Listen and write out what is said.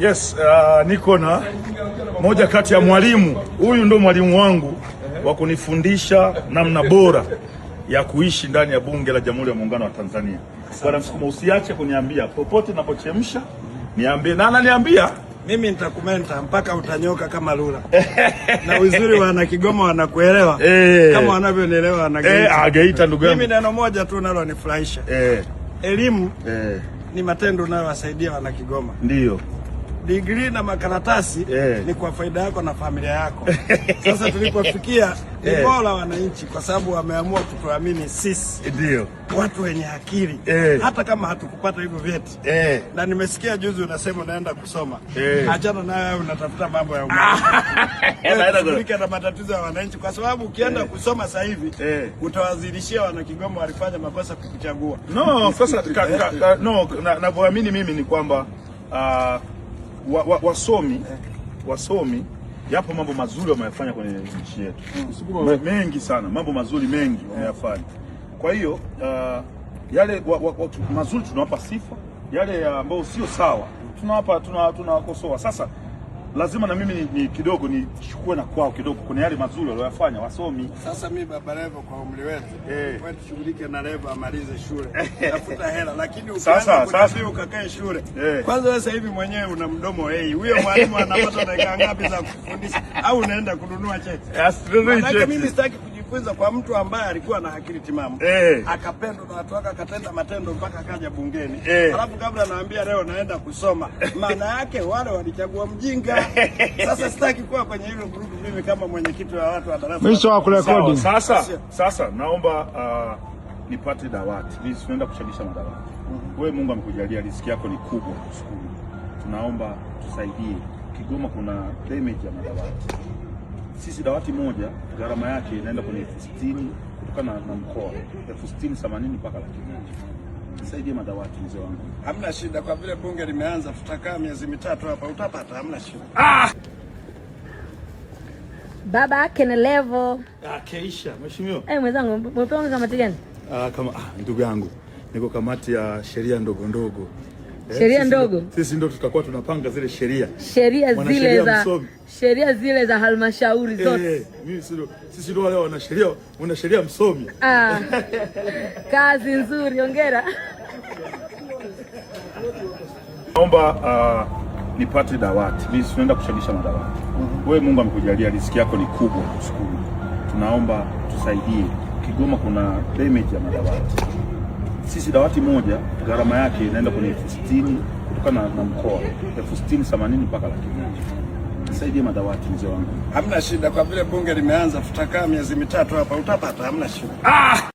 Yes, uh, niko na moja kati ya mwalimu huyu, ndo mwalimu wangu wa kunifundisha namna bora ya kuishi ndani ya Bunge la Jamhuri ya Muungano wa Tanzania. Bwana Msukuma, usiache kuniambia popote napochemsha, niambie na ananiambia mimi nitakumenta mpaka utanyoka kama lula. Na uzuri wana Kigoma wanakuelewa eh. kama wanavyonielewa wana Eh, Geita. Ndugu yangu mimi neno moja tu nalo nifurahisha Eh. elimu eh, ni matendo unayowasaidia wana Kigoma, ndio digri na makaratasi yeah. Ni kwa faida yako na familia yako. Sasa tulipofikia ni yeah. Bora wananchi kwa sababu wameamua kutuamini sisi ndio watu wenye akili yeah. Hata kama hatukupata hivyo vyeti yeah. Na nimesikia juzi unasema unaenda kusoma yeah. Achana nayo unatafuta mambo ya umaulika eh, na matatizo ya wananchi kwa sababu ukienda yeah. kusoma sasa hivi yeah. Utawazidishia wanakigoma walifanya makosa kukuchagua. No, sasa navyoamini mimi ni kwamba uh, wa, wa, wasomi wasomi yapo mambo mazuri wameyafanya kwenye nchi yetu mm. mengi sana, mambo mazuri mengi wameyafanya. Kwa hiyo uh, yale wa, wa, mazuri tunawapa sifa, yale ambayo sio sawa tunawapa tunawakosoa. Sasa lazima na mimi ni, ni kidogo nichukue na kwao kidogo, kuna yale mazuri walioyafanya wasomi. Sasa mimi Baba Levo kwa umri wetu eh, shughulike na Levo amalize shule eh. tafuta hela, lakini sasa sasa ukakae shule eh. Kwanza wewe sasa hivi mwenyewe una mdomo hey, huyo mwalimu anapata dakika ngapi za kufundisha? Au unaenda kununua cheti? Mimi sitaki kwanza kwa mtu ambaye alikuwa na akili timamu eh, akapendwa na watu wake akatenda matendo mpaka akaja bungeni eh, alafu kabla naambia leo naenda kusoma, maana yake wale walichagua mjinga. Sasa sitaki kuwa kwenye hilo grupu mimi kama mwenyekiti wa watu wa darasa. mimi sio kurekodi sasa. Sasa naomba uh, nipate dawati mimi, sinaenda kuchangisha madawati mm. Mm-hmm. Wewe Mungu amekujalia riziki yako ni kubwa, tunaomba tusaidie. Kigoma kuna damage ya madawati sisi dawati moja gharama yake inaenda kwenye elfu sitini kutokana na mkoa, elfu sitini themanini mpaka laki moja. madawati mzee wangu. Hamna shida, kwa vile bunge limeanza, tutakaa miezi mitatu hapa, utapata, hamna shida. Ah! Baba yake ni levo. Ah, keisha mheshimiwa. Eh, mwenzangu, mpewa kamati gani? Ah, kama ah, ndugu yangu niko kamati ya sheria ndogo ndogo Eh, sheria ndogo, sisi ndio tutakuwa tunapanga zile sheria sheria zile za sheria zile za halmashauri eh, zote. Sisi ndio wale wana sheria, wana sheria msomi. Ah, kazi nzuri, hongera. Naomba uh, nipate dawati. Mimi sinaenda kuchangisha madawati. Mhm. Wewe Mungu amekujalia riziki yako ni kubwa, tunaomba tusaidie. Kigoma kuna damage ya madawati sisi dawati moja gharama yake inaenda kwenye elfu sitini kutokana na mkoa, elfu sitini themanini mpaka laki moja. madawati mzee wangu. Hamna shida, kwa vile bunge limeanza, tutakaa miezi mitatu hapa, utapata, hamna shida ah!